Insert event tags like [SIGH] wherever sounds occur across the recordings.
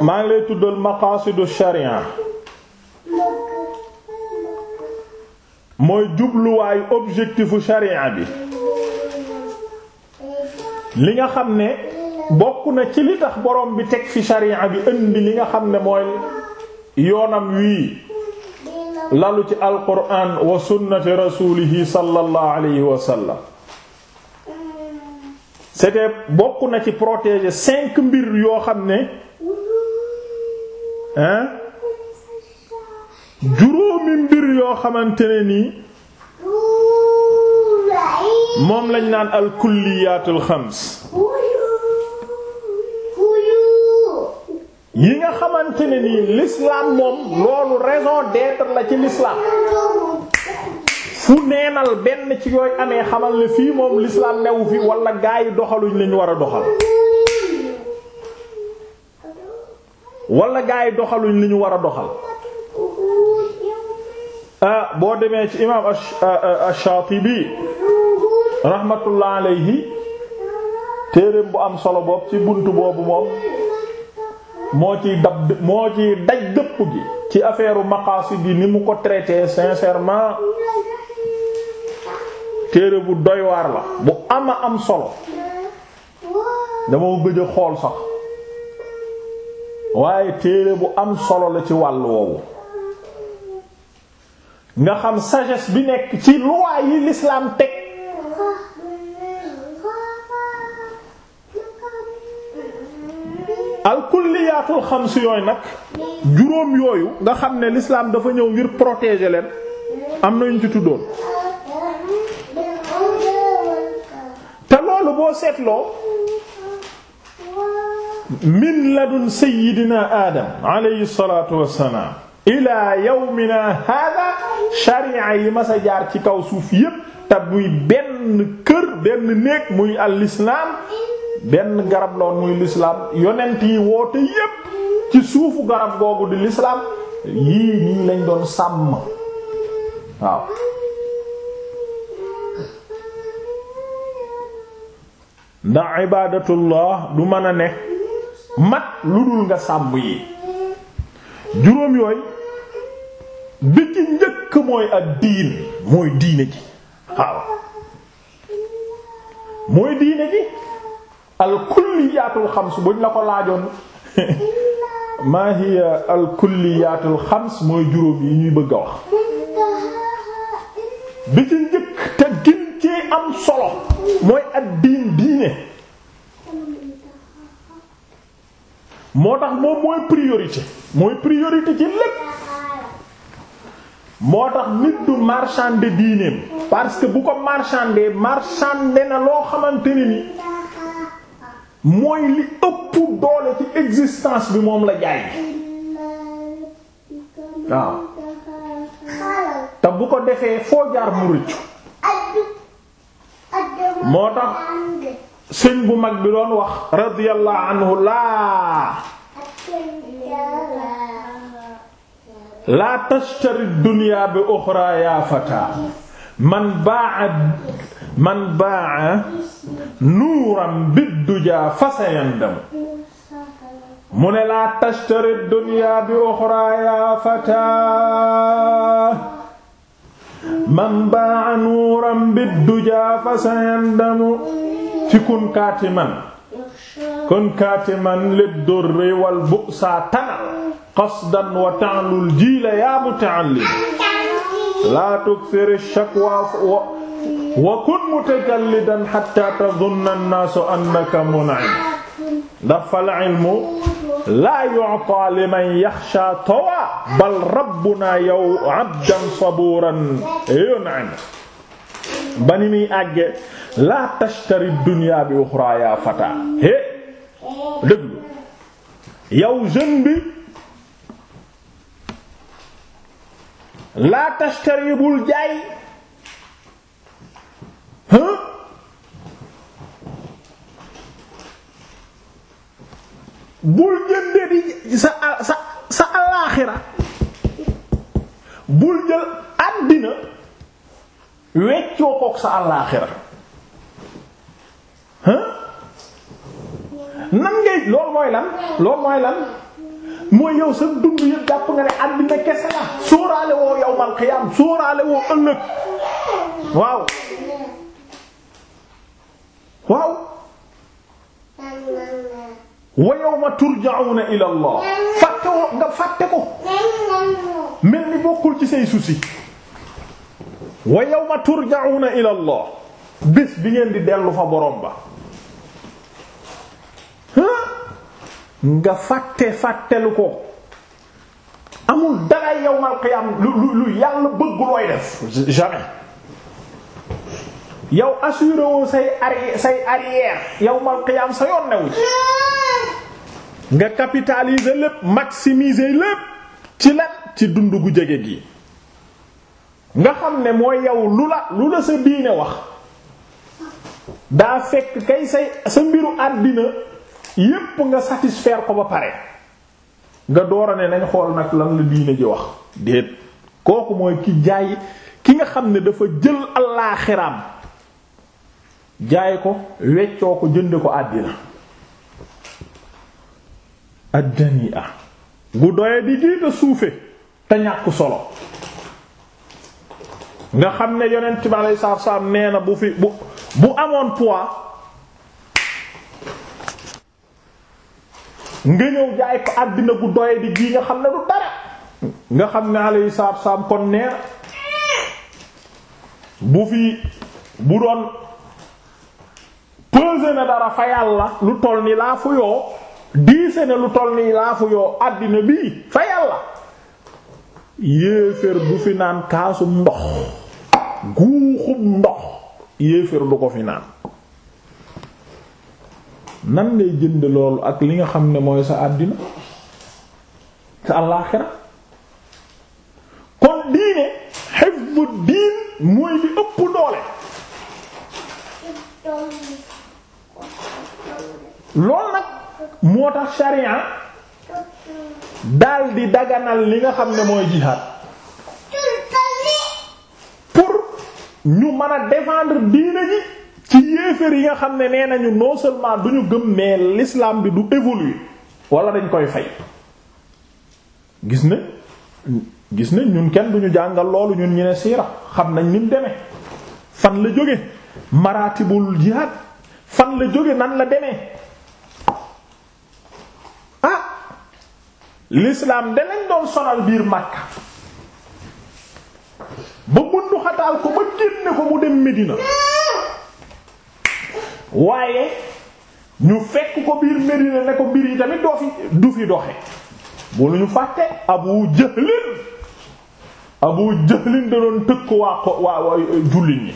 maa ngi lay tuddal maqaasidu sharia mooy jubluwaayu objectifu sharia bi li nga xam ne bokk na ci li tax borom bi teg fi sharia bi indi li nga xam ne mooy yoonam wii lalu ci alquran wa sunnati rasulihi sallallahu alayhi wa sallam c'était bokk na ci protéger cinq mbir yoo xam ne hein juróomi mbir yoo xamante ne nii moom lañ naan al kulliyaatul xams yi nga xamante ne nii l'islam moom loolu raison d'être la ci l'islam fu neenal benn ci yooyu amee xamal ne fii moom l'islam newu fi walla gaa yi doxaluñ lañ war a doxal wala gaa yi doxaluñ li ñu war a doxal ah, boo demee ci imaam ash-Shaatibi ah, ah, rahmatullah alayhi téereem bu am solo boobu ci buntu boobu moom moo ciy dab moo ciy daj dëpp gi ci affaire maqaasid yi ni mu ko traité sincèrement téere bu doy waar la bu ama am solo dama gëj a xool sax waaye téere bu am solo la ci wàll woowu nga xam sages bi nekk ci loi yi l'islam teg alkulliyaatul xams yooyu nag juróom yooyu nga xam ne l'islam dafa ñëw ngir protéger leen am na ñu ci tuddoon te loolu boo seetloo min ladun sayyidina adam alayhi salatu wassalaam ila yawmina hada sharia yi masa jaar ci kaw suuf yépp te muy benn kër benn néeg muy al benn garab loon muy lislaam yonent yi woote yépp ci suufu garab googu di lislaam yii nii lañ doon sàmm waaw ndax ibadatullah du mën a nekk mat lu dul nga sàmm yi juróom yooyu bi ci njëkk mooy ak diin mooy diine ji waaw mooy diine ji al kulliyaatul xams buñ la ko laajoon [LAUGHS] maa hiya al kulliyaatul xams mooy juróom yi ñuy bëgg a wax moo tax moom mooy priorité mooy priorité ci lépp moo tax nit du marchander diineem parce que bu ko marchander marchander na loo xamante ne ni mooy li ëpp doole ci existence bi moom la jaay waaw te bu ko defee foo jaar mu rëccu moo tax sëñ bu mag bi doon wax radiyallahu anhu laa laa tashtari dunya bi uxra yaa fata man baa man baa nuuram biddujaa fasayandam mu ne laa man baa nuuram biddujaa fasayandamu qasdan wa ta'lul jiila yaa muta'allim laa tukthir ash-shakwa wa kun mutajallidan hatta tadhunna an-naasu annaka mun'im ndax fal-'ilmu laa yu'taa liman yaxshaa tawaa bal rabbunaa yow 'abdan sabuuran yun'im ba ni muy àgge laa tashtari dunya bi uxraa yaa fataa hé dëgg yow jeune bi laa tashtari bul jaay hë bul jënde di sa sa sa alaaxira bul jël àddina weccoo kook sa alaaxira hë nan ngay loolu mooy lan loolu mooy lan mooy yow sa dund yëpp jàpp nga ne àddina kese la sóoraale woo yawmal qiyaam sóoraale woo ëllëg waaw waaw wa yawma turja'una ila Allah fàtte ko mel ni bokkul ci say souci wa yawma turja'una ila Allah bés bi ngeen di dellu fa borom ba nga fàtte fàttelu ko amul dara yawmal qiyaam lu lu yàlla bëgg looy def jamais yow assuré woo say arrière say arrière yawmal sa yoon newu ci nga capitaliser lépp maximiser lépp ci la ci dund gu jege gi nga xam ne mooy yow lu la lu la sa diine wax daa fekk kay say sa mbiru àddina yépp nga satisfaire ko ba pare nga door a ne nañ xool nag lan la diine ji wax déet kooku mooy ki jaay ki nga xam ne dafa jël allaaxiraam jaay ko weccoo ko jënd ko àddina addani a gu doye di géita suufe te ñàkk solo nga xam ne yonent bi aleyhi salaatu salaam nee na bu fi bu bu amoon poids nga ñëw jaay ko àddina gu doye di ji nga xam ne du dara nga xam ne alayhi salaatu salaam kon neer bu fi bu doon pesé na dara fa yàlla lu toll ni laa fu yoo diise na lu toll ni laa fu yoo àddina bii fa yàlla yéeféer du fi naan kaasu ndox guuxub ndox yéeféer du ko fi naan nan lay jënd loolu ak li nga xam ne mooy sa àddina sa àllaaxira kon diine hifdu diin mooy li ëpp doole loolu nag moo tax sharia daal di daganal li nga xam ne mooy jihaad pour ñu mën a défendre diine ci yéeféer yi nga xam ne nee nañu non seulement du ñu gëm mais l'islam bi du évoluer wala dañ koy fay gis na gis na ñun kenn ñu jàngal loolu ñun ñu ne siira xam nañ ni mu fan la jóge maratibul jihad fan la jóge nan la demee ah l'islam danañ doon sonal biir Makka ba bundu xataal ko ba génne ko mu dem Medina waaye ñu fekk ko biir Medina ne ko mbir yi tamit doo fi du fi doxe bu lu ñu fàtte Abu Jahlin Abu Jahlin da doon tëkk waa ko waa waa jullit ñi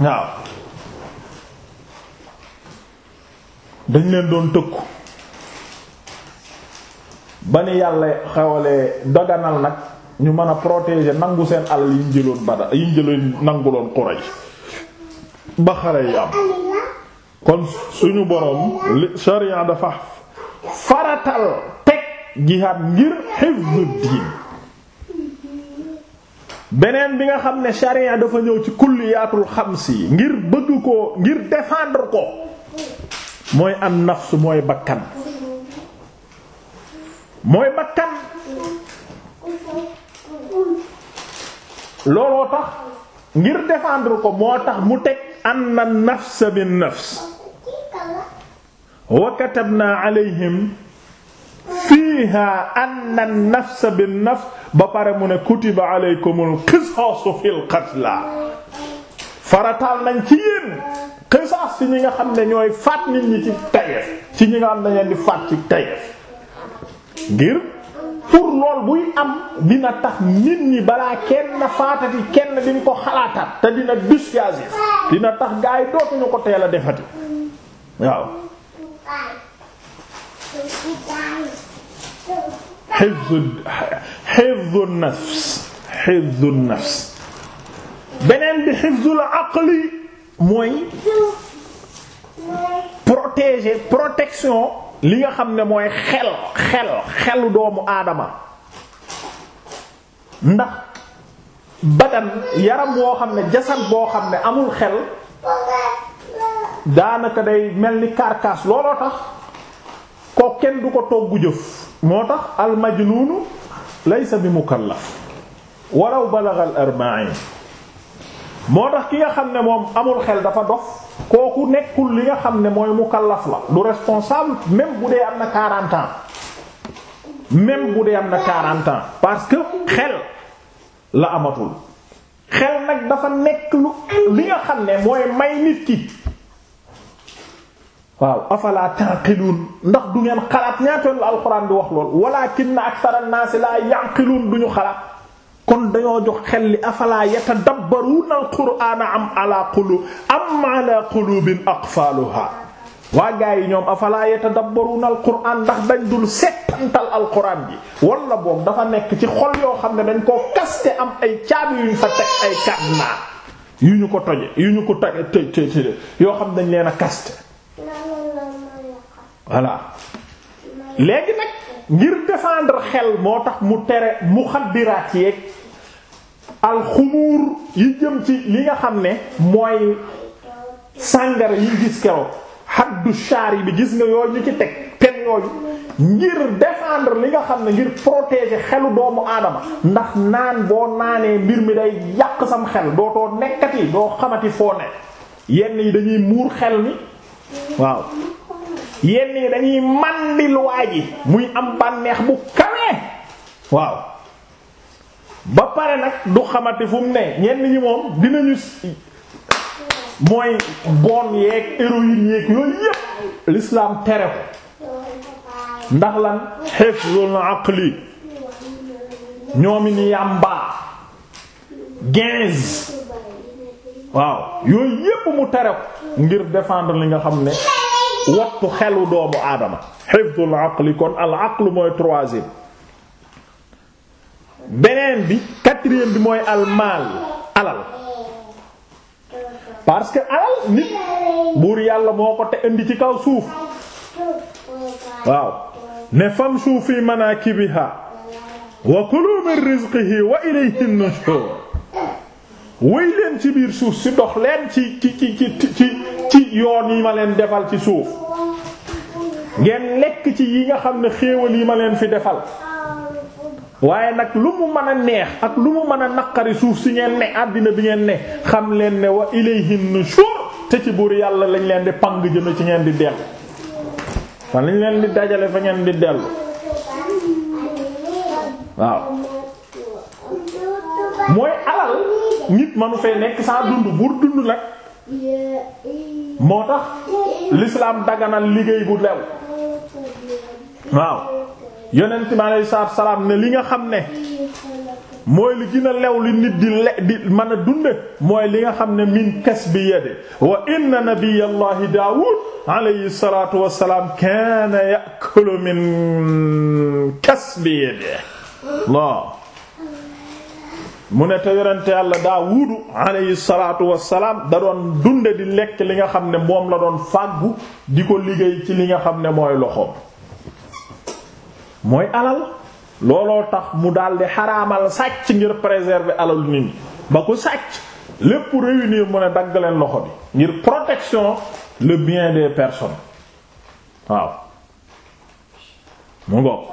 waaw dañ leen doon tëkku ba ni yàlla xewalee daganal nag ñu mën a protéger nangu seen alal yi ñu jëloon bada yi ñu jëloon nanguloon xura yi ba xare yi am kon suñu boroom li dafa faratal teg jihaad ngir hifdu diin beneen bi nga xam ne sharia dafa ñëw ci kulliyaatul xam yi ngir bëgg ko ngir défendre ko mooy am nafs mooy bakkan mooy bakkan looloo tax ngir defandre ko moo tax mu teg an nafs bin nafs wa katabna alayhim fiiha anna an-nafsa bin ba pare mu ne kutiba alaykumul qisaasu fil qatla farataal nañ ci yéen qisaas ci ñi nga xam ne ñooy faat nit ñi ci tayef ci ñi nga xam ne ñeen di faat ci tayef ngir pour lool buy am dina tax nit ñi balaa kenn faatati kenn ñu ko xalaataat te dina dissuasif dina tax gaa yi dootuñu ko teel a defati waaw hifzu hifzu nafs hifzu nafs beneen bi hifzul aqli mooy protéger protection li nga xam ne mooy xel xel xelu doomu aadama ndax badan yaram woo xam ne jasan boo xam ne amul xel daanaka day mel ni karkaas looloo tax ko kenn du ko toggu jëf moo tax al majnunu laysa bi mukallaf waraw balaxal al arba'in moo tax ki nga xam ne moom amul xel dafa dox kooku nekkul li nga xam ne mooy mukallaf la du responsable même bu dee am na 40 ans même bu dee am na 40 ans parce que xel la amatul xel nag dafa nekk lu li nga xam ne mooy may nit ki waaw afala taqilun ndax du ngeen xalaat ñaatoon la alxuraan di wax lool walakinna akthara an-naasi laa yaqilun duñu xalaat kon dañoo jox xel li afala yatadabbaruna al-qur'ana am ala qulub am ala qulubin aqfaluha waa gaa yi ñoom afala yatadabbaruna al-qur'an ndax dañ dul settantal alxuraan bi wala boog dafa nekk ci xol yoo xam ne dañ koo kaste am ay caabi yuñ fa teg ay caab naa yu ñu ko toje yu ñu ko toj yoo xam ne dañ leen a kaste voilà léegi nag ngir défendre xel moo tax mu tere muxaddiraat yeeg alxumuur yi jëm ci li nga xam ne mooy sàngara yi gis keroog xaddu shaari bi gis nga yooyu ñu ci teg pen yooyu ngir défendre li nga xam ne ngir protéger xelu doomu aadama ndax naan boo naanee mbir mi day yàq sam xel dootoo nekkati doo xamati foo ne yenn yi dañuy muur xel mi waaw yenn yi dañuy màndil waa ji muy am bànneex bu kawee waaw ba pare nag du xamante fu mu ne ñenn ñi moom dinañu mooy bon yeeg héroïne yeeg yooyu yépp l'islam tere ko ndax lan hifzul aqli ñoomi ni yàmbaa ginz waaw yooyu yépp mu tere ngir défendre li nga xam ne wattu xelu doomu aadama hifdul aqli kon mooy troisième beneen bi quatrième bi mooy al alal parce que alal nit buur yàlla moo ko te indi ci kaw suuf waaw ne famshu fi manakibiha wa kulu min rizqihi wa ilayhi an-nushur wéy leen ci biir suuf si dox leen ci ci ci ci ci yoon yi ma leen defal ci suuf ngeen lekk ci yi nga xam ne xéewal yi ma leen fi defal waaye nag lu mu mën a neex ak lu mu mën a naqari suuf si ngeen ne àddina bi ngeen ne xam leen ne wa ilayhin nushur te ci buur yàlla lañ leen di pang jëme ci ngeen di dellu fan lañ leen di dajale fa ngeen di dellu waaw nit manu fee nekk saa dund buur dund nag moo tax l'islam daganal liggéey bu lew waaw yonent bi aleyhi salaam ne li nga xam ne mooy li gën lew li nit di le di mën a dunde mooy li nga xam ne min kasbi yade wa inna nabiyallahi daawud alayhi salatu wasalaam kaana ya'kulu min kasbi yade mu ne te yonente yàlla Daawudu alayhi salaatu wassalaam da doon dunde di lekk li nga xam ne moom la doon fàggu di ko liggéey ci li nga xam ne mooy loxoom mooy alal looloo tax mu dal di xaraamal sàcc ngir préserver alal nit ñi ba ko sàcc lépp réunir mu ne dagg leen loxo bi ngir protection le bien des personnes waaw mu ngoog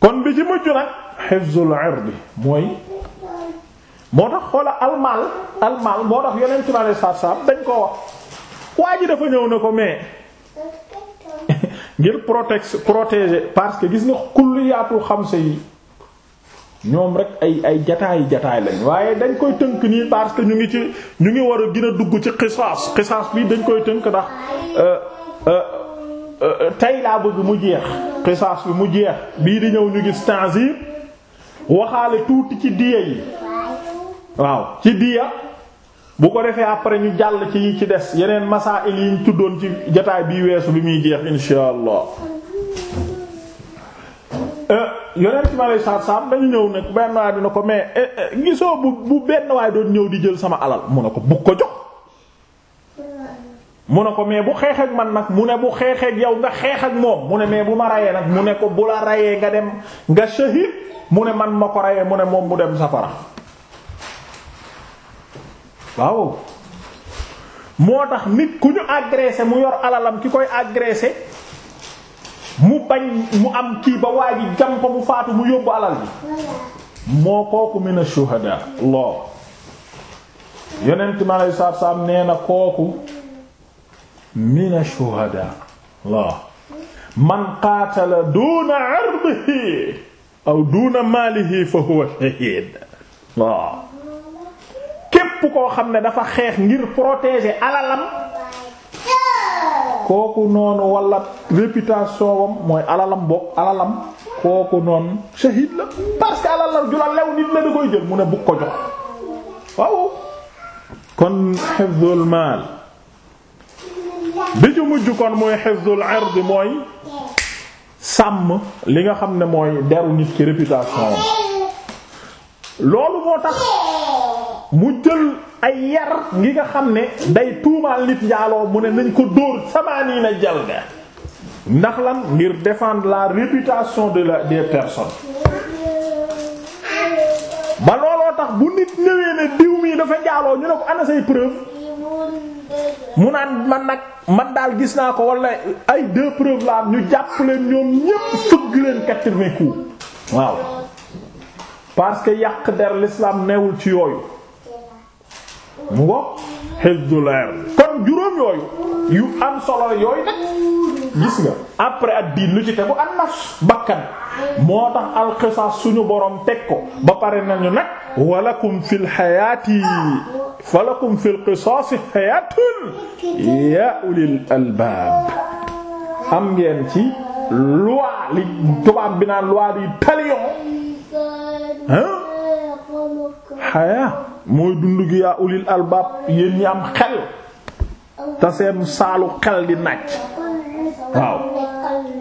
kon bi ci mujj nag hifzul bi mooy moo tax xoola almaal almaal moo tax yonent bi alayhi salaatu salaam dañ koo wax waa ji dafa ñëw na ko mais [LAUGHS] ngir protex protéger parce que gis nga kulliyaatu xamsa yi ñoom rek ay ay jataay jataay lañ waaye dañ koy tënk nii parce que ñu ngi ci ñu ngi war a gën a dugg ci xisaas xisaas bi dañ koy tënk ndax euh, euh, euh, tey laa bëgg mu jeex xisaas bi mu jeex bii di ñëw ñu gis ta'zir waxaale tuuti ci diya yi waaw ci diya bu ko defee après ñu jàll ci yi ci des yeneen masaa'il yi ñu tuddoon ci jotaay bii weesu bi muy jeex insha allah euh, yonent mi aleyhi salaatu dañu ñëw nag benn waay dina ko mais eh, eh, gisoo bu bu benn waay doon ñëw di jël sama alal mu ne ko bug ko jox mu ne ko mais bu xeex man nag mu ne bu xeex ak yow nga xeex ak moom mu ne mais bu ma rayee nag mu ne ko bu la rayee nga dem nga shahid mu ne man ma ko reyee mu ne moom mu dem safara waaw moo tax nit ku ñu agressé mu yor alalam ki koy agressé mu bañ mu am kii ba waa ji jam ko mu faatu mu yóbbu alal bi moo kooku mina shuhada loo yonent mi aleyhi salaatu salaam nee na kooku mina shuhada loo man qaatala duuna irdihi aw duuna maalihi fa huwa shahiid waaw képp koo xam ne dafa xeex ngir protéger alalam kooku noonu wala réputation wam mooy alalam bokk alalam kooku noonu shahiid la parce que alalam ju la lew nit la da koy jël mu ne bu ko jox waaw kon hifdhul maal bi ju mujj kon mooy hifdhul ard mooy sàmm li nga xam ne mooy deru nit ki réputation loolu moo tax mu jël ay yar ngi nga xam ne day tuumaal nit njaaloo mu ne nañ ko dóor samaanii na jal ndax lan ngir défendre la réputation de la des personnes ba looloo tax bu nit ñëwee ne diw mii dafa njaaloo ñu ne ko ana say preuve mu naan man nag man daal gis naa ko wala ay deux preuves la ñu jàpp leen ñoom ñépp fëgg leen quatre waaw parce que yàq der l'islam neewul ci yooyu mu ngo xisdulair kon juróom yooyu yu am solo yooyu nag gis nga après ad diin lu ci tegu an nafs moo tax alxisas suñu boroom teg ko ba pare nañu nag walakum fil xayaati falakum fil qisaasi ci loi li tubaab bi naan loi di talion hein xayaa mooy dund gi yaa ulil albaab yéen ñi xel te seen saalu xel di nàcc waaw